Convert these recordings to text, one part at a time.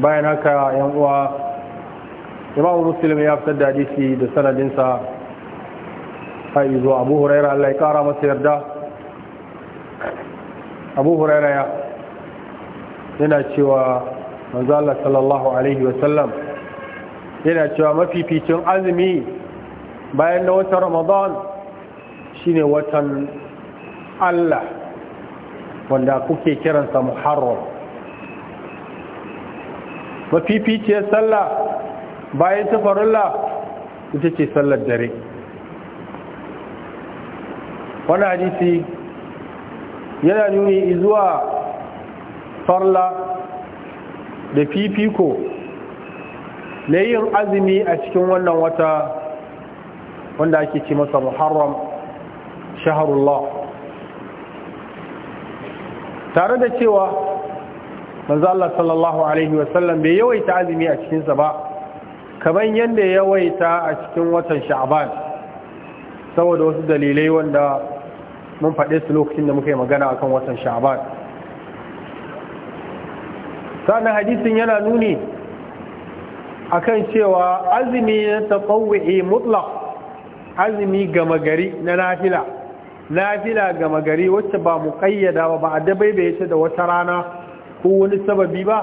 bayan haka yan uwa imam muslim ya fitar da hadisi da sanadinsa har zuwa abu huraira Allah ya kara masa yarda abu huraira ya yana cewa manzo Allah sallallahu alaihi sallam, yana cewa mafificin azumi bayan na watan ramadan shine watan Allah wanda kuke kiransa muharram mafificiyar sallah bayan ta ita ce sallar dare wani hadisi yana nuni zuwa farla da fifiko na yin azumi a cikin wannan wata wanda ake ce masa muharram shaharullah tare da cewa manzo Allah sallallahu alaihi wasallam bai yawaita azumi a cikinsa ba kamar yadda ya yawaita a cikin watan sha'ban saboda wasu dalilai wanda mun faɗe su lokacin da muka yi magana akan watan sha'ban sannan hadisin yana nuni akan cewa azumi na tatawwi mutlaq azumi gama gari na nafila nafila gama gari wacce ba mu ƙayyada ba ba a bai ta da wata rana ko wani sababi ba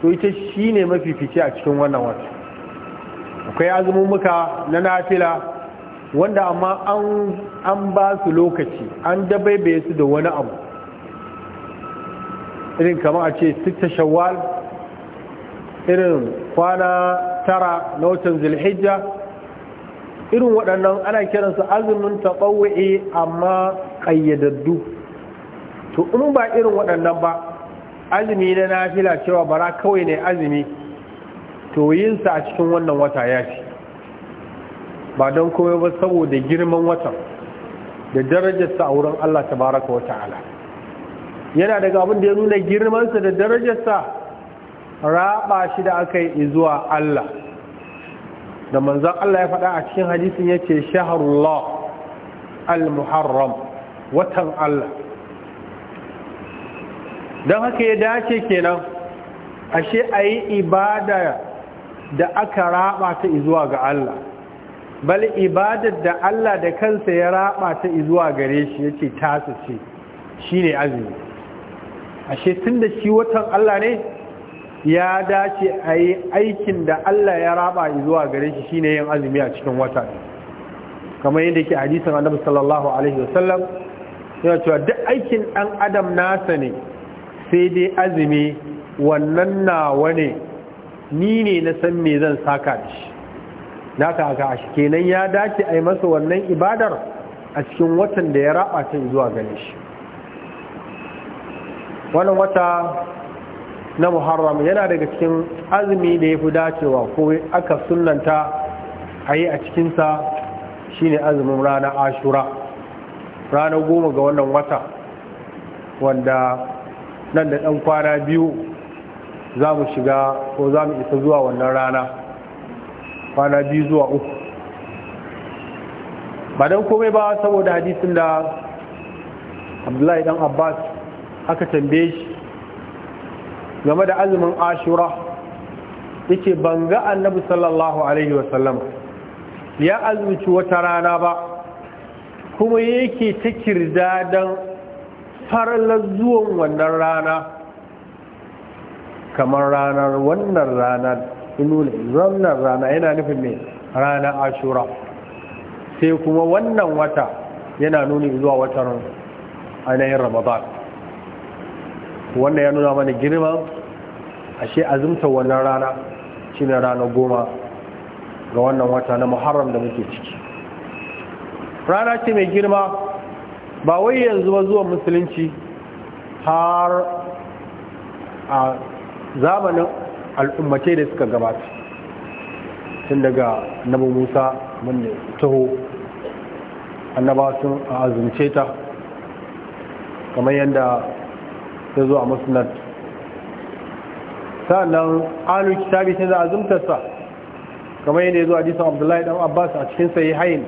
to ita shi ne mafifici a cikin wannan wata akwai azumin muka na nafila wanda amma an ba su lokaci an dabaibaye su da wani abu irin kama a ce sita shawwal irin kwana tara na watan Zulhijja, irin waɗannan ana kiransu azumin taɓawa'i amma ƙayyadaddu to in ba irin waɗannan ba azumi na nafila cewa bara kawai ne azumi to yinsa a cikin wannan wata ya ce ba don kome ba saboda girman watan da darajarsa a wurin Allah Ta baraka wa ta'ala yana daga abin da ya nuna girmansa da darajarsa raɓa shi da aka yi zuwa Allah da manzan Allah ya faɗa a cikin hadisin ya ce shaharullah al-muharram watan Allah don haka ya dace kenan ashe a yi ibada da aka raba ta izuwa ga Allah bal ibadar da Allah da kansa ya raba ta izuwa gare shi yace tasu ce shine azumi ashe tun da shi watan Allah ne ya dace a yi aikin da Allah ya raba izuwa gare shi shine yin azumi a cikin wata kamar yadda ke hadisin Annabi sallallahu alaihi wasallam yana cewa duk aikin ɗan adam nasa ne sai dai azumi wannan na wane ni ne na san me zan saka da shi na ga shi kenan ya dace a yi masa wannan ibadar a cikin watan da ya raba ta zuwa gane shi wannan wata na muharram yana daga cikin azumi da ya fi dacewa ko aka sunanta a yi a cikinsa shine azumin rana ashura ranar goma ga wannan wata wanda nan da ɗan kwana biyu za mu shiga ko za mu isa zuwa wannan rana kwana biyu zuwa uku ba don komai ba saboda hadisin da abdullahi ɗan abbas aka tambaye shi game da azumin ashura yake ban ga annabi sallallahu alaihi wasallam ya azumci wata rana ba kuma yake ta kirda don. faralar zuwan wannan rana kamar ranar wannan ranar inula wannan rana yana nufin mai rana ashura sai kuma wannan wata yana nuni zuwa watan ainihin ramadan wannan ya nuna mana girman ashe azumta wannan rana shine rana goma ga wannan wata na muharram da muke ciki rana ce mai girma ba wai yanzu ba zuwa musulunci har a zamanin al'ummatai da suka gabata tun daga nabi musa wanda taho annaba sun azumce ta kamar yadda ta zo a musnad sa'annan alu kitabi sai a zumtarsa kamar yadda ya zo a jisan abdullahi dan abbas a cikin sayi hayin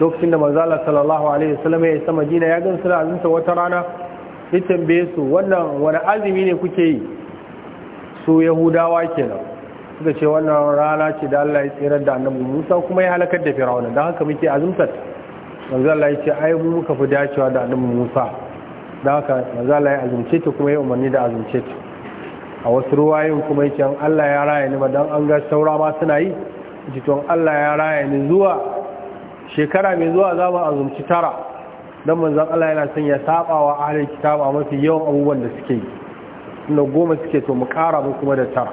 lokacin da manzo sallallahu alaihi wasallam ya sama jina ya gansu da azinsa wata rana ya tambaye su wannan wani azumi ne kuke yi su Yahudawa kenan suka ce wannan rana ce da Allah ya tsirar da Annabi Musa kuma ya halakar da Fir'auna dan haka muke azumtar manzo Allah ya ce ai mu muka fi dacewa da Annabi Musa dan haka manzo Allah ya azumce ta kuma ya umarni da azumce ta a wasu ruwayoyin kuma yake Allah ya raya ni ma dan an ga saura ma suna yi jiton Allah ya raya ni zuwa shekara mai zuwa za mu azumci tara don manzan Allah yana son ya saba wa ahalin kitab a mafi yawan abubuwan da suke yi suna goma suke to mu kara mu kuma da tara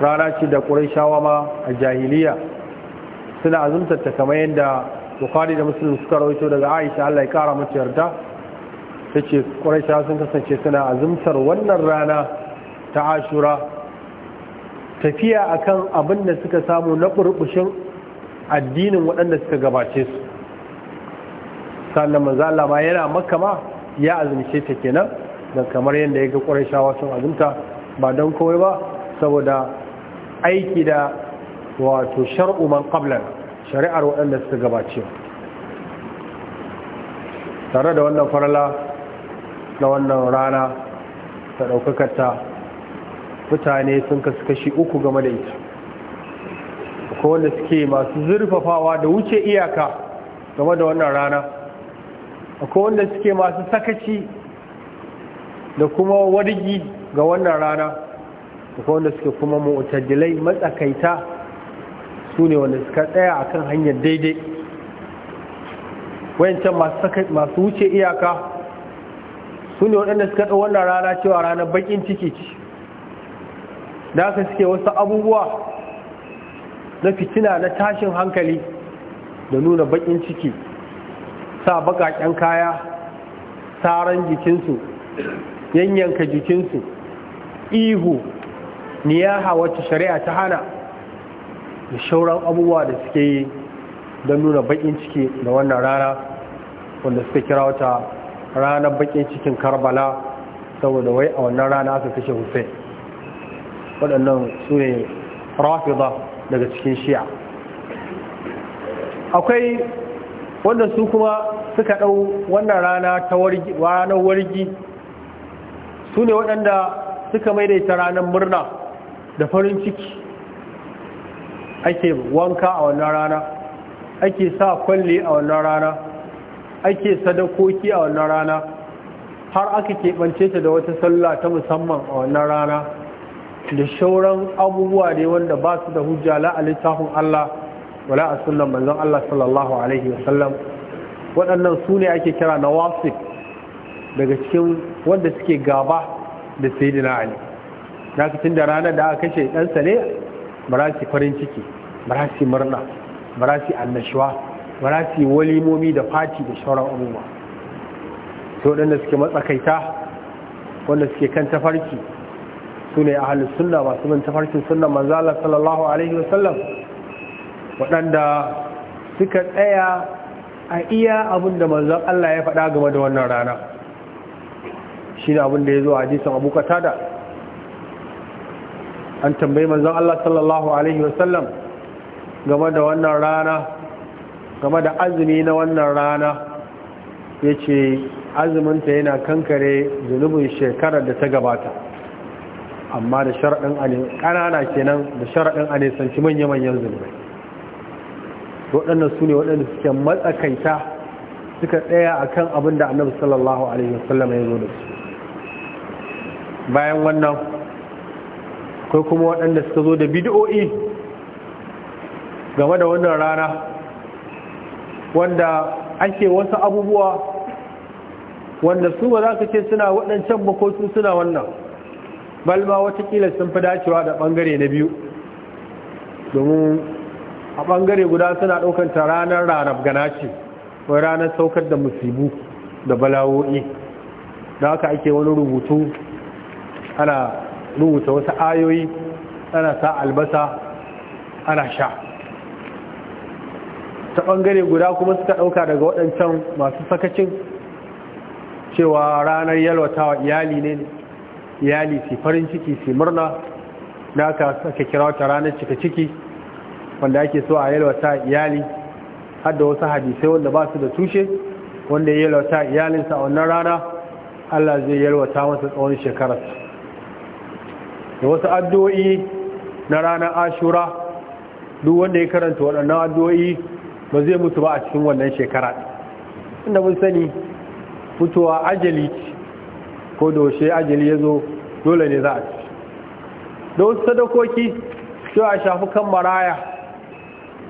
rana ce da ƙurashawa ma a jahiliya suna azumtar ta kamar yadda bukhari da muslim suka rawaito daga aisha Allah ya kara mata yarda ta ce ƙurashawa sun kasance suna azumtar wannan rana ta ashura tafiya akan abin da suka samu na burbushin addinin waɗanda suka gabace su sannan manzala ma yana makama ya azumce ta kenan don kamar yadda ya ga ƙwarashawa sun azumta ba don kowai ba saboda aiki da wato shar'uman man shari'ar waɗanda suka gabace tare da wannan farala na wannan rana ta ɗaukakata mutane sun kasu kashi uku game da ita ko wanda suke masu zurfafawa da wuce iyaka game da wannan rana ko wanda suke masu sakaci da kuma wargi ga wannan rana ko wanda suke kuma mu'tadilai matsakaita su ne wanda suka tsaya a kan hanyar daidai wayancan masu wuce iyaka su ne waɗanda suka ɗau wannan rana cewa ranar baƙin ciki ce da aka suke wasu abubuwa na fitina na tashin hankali da nuna bakin ciki sa bakaken kaya saran jikinsu yanyanka jikinsu ihu niyaha wacce shari'a ta hana da shauran abubuwa da suke yi don nuna bakin ciki da wannan rana wanda suka kira wata ranar bakin cikin karbala saboda wai a wannan rana aka kashe hussein waɗannan su ne rafida daga cikin shiya akwai wanda su kuma suka ɗau wannan rana ta ranar wargi su ne waɗanda suka maidaita ranar murna da farin ciki ake wanka a wannan rana ake sa kwalle a wannan rana ake sadakoki a wannan rana har aka keɓance ta da wata sallah ta musamman a wannan rana da shauran abubuwa ne wanda ba su da hujja la a Allah wala a sunan manzon Allah sallallahu alaihi wasallam waɗannan su ne ake kira na wasif daga cikin wanda suke gaba da sayyidina Ali tun da ranar da aka kashe ɗansa ne marasi farin ciki marasi murna marasi annashuwa marasi walimomi da fati da shauran abubuwa to waɗanda suke matsakaita wanda suke kan tafarki su ne ahalin sunna masu bin tafarkin sunna manzala sallallahu alaihi wasallam waɗanda suka tsaya a iya abin da manzan Allah ya faɗa game da wannan rana shi ne abin da ya zo a jisan abu katada an tambayi manzan Allah sallallahu alaihi wasallam game da wannan rana game da azumi na wannan rana ya ce azuminta yana kankare zunubin shekarar da ta gabata amma da sharaɗin a ne ƙanana kenan da sharaɗin a ne sanci manya-manyan zunubai waɗannan su ne waɗanda suke matsakaita suka tsaya a kan abin da annabi sallallahu alaihi wasallam ya zo da su bayan wannan akwai kuma waɗanda suka zo da bidiyo'i game da wannan rana wanda ake wasu abubuwa wanda su ba za ka ce suna waɗancan su suna wannan balma watakila sun fi dacewa da bangare na biyu domin a bangare guda suna ɗaukanta ranar ranar gana ce wai ranar saukar da musibu da balawoi da haka ake wani rubutu ana rubuta wasu ayoyi ana sa albasa ana sha ta bangare guda kuma suka ɗauka daga waɗancan masu sakacin cewa ranar yalwatawa iyali ne iyali su farin ciki su murna da aka aka kira wata ranar cika ciki wanda ake so a yalwata iyali har da wasu hadisai wanda ba su da tushe wanda ya yalwata iyalinsa a wannan rana Allah zai yi yalwata masa tsawon shekara da wasu addu'o'i na ranar ashura duk wanda ya karanta waɗannan addu'o'i ba zai mutu ba a cikin wannan shekara inda mun sani mutuwa ajali ko doshe ajali ya zo dole ne za a ci da wasu sadakoki sai a shafi kan maraya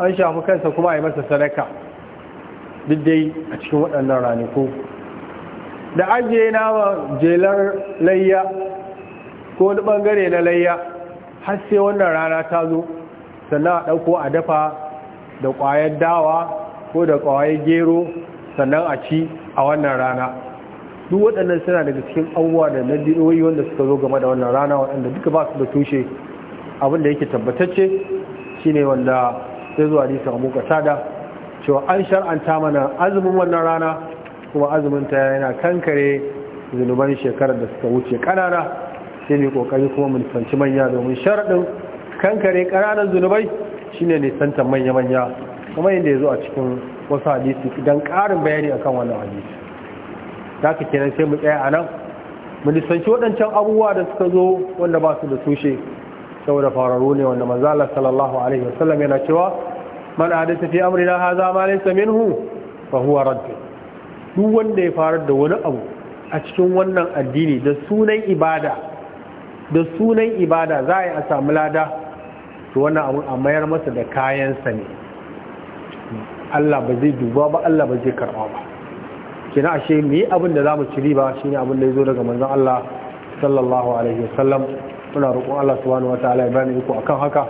an shafi kansa kuma a yi masa sadaka duk dai a cikin waɗannan ranaku da ajiye wa jelar layya ko wani ɓangare na layya har sai wannan rana ta zo sannan a ɗauko a dafa da ƙwayar dawa ko da ƙwayar gero sannan a ci a wannan rana duk waɗannan suna daga cikin abubuwa da na biyoyi wanda suka zo game da wannan rana waɗanda duka ba su da tushe abin da yake tabbatacce shine wanda sai zuwa a Abu tada cewa an shar'anta mana azumin wannan rana kuma azumin ta yana kankare zunuban shekarar da suka wuce kanana sai ne kokari kuma mun fanci manya domin sharadin kankare kananan zunubai shine ne santa manya manya kuma yadda ya zo a cikin wasu hadisi idan ƙarin bayani akan wannan hadisi ta ka kenan sai mu tsaya a nan mu nisanci waɗancan abubuwa da suka zo wanda ba su da tushe saboda fararru ne wanda manzala sallallahu alaihi wasallam yana cewa man hadasa fi amrina haza ma laysa minhu fa huwa radd duk wanda ya farar da wani abu a cikin wannan addini da sunan ibada da sunan ibada za a yi a samu lada to wannan abu a mayar masa da kayansa ne Allah ba zai duba ba Allah ba zai karɓa ba kina ashe mu yi abin da za mu ci riba shine abin da ya zo daga manzon Allah sallallahu alaihi wasallam muna roƙon Allah subhanahu wataala ya bani iko akan haka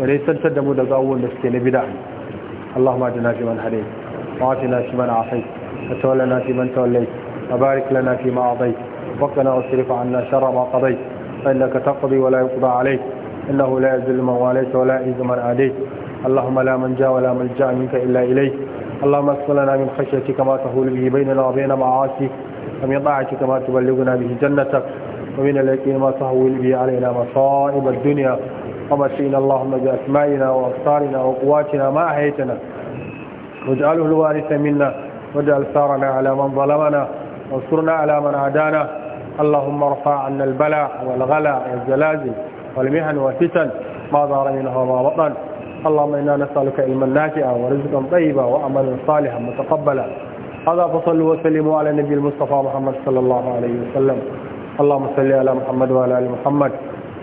ya resantar da mu da abubuwan da suke na bid'a Allahumma ajina fi man hadayt wa atina fi man afayt wa tawallana fi man tawallayt wa barik وقنا واصرف عنا شر ما قضيت فإنك تقضي ولا يقضى عليك إنه لا يذل من واليت ولا يعز من عاديت اللهم لا من ولا ملجا منك إلا إليك اللهم اسق لنا من خشيتك ما تحول به بيننا وبين معاصيك ومن طاعتك ما تبلغنا به جنتك ومن اليقين ما تحول به علينا مصائب الدنيا ومشينا اللهم بأسمائنا وأبصارنا وقواتنا ما احييتنا واجعله الوارث منا واجعل ثارنا على من ظلمنا وانصرنا على من عادانا اللهم ارفع عنا البلاء والغلاء والزلازل والمهن والفتن ما ظهر منها وما بطن اللهم إنا نسألك علما نافعا ورزقا طيبا وعملا صالحا متقبلا هذا فصلوا وسلموا على نبي المصطفى محمد صلى الله عليه وسلم اللهم صل على محمد وعلى آل محمد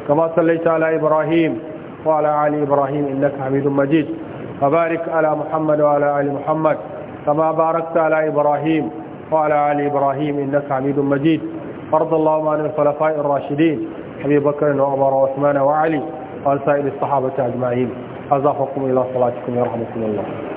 كما صليت على إبراهيم وعلى آل إبراهيم إنك حميد مجيد وبارك على محمد وعلى آل محمد كما باركت على إبراهيم وعلى آل إبراهيم إنك حميد مجيد وارض اللهم عن الخلفاء الراشدين أبي بكر وعمر وعثمان وعلي وعن سائر الصحابة أجمعين azafakum ila salatikum yarhamukum Allah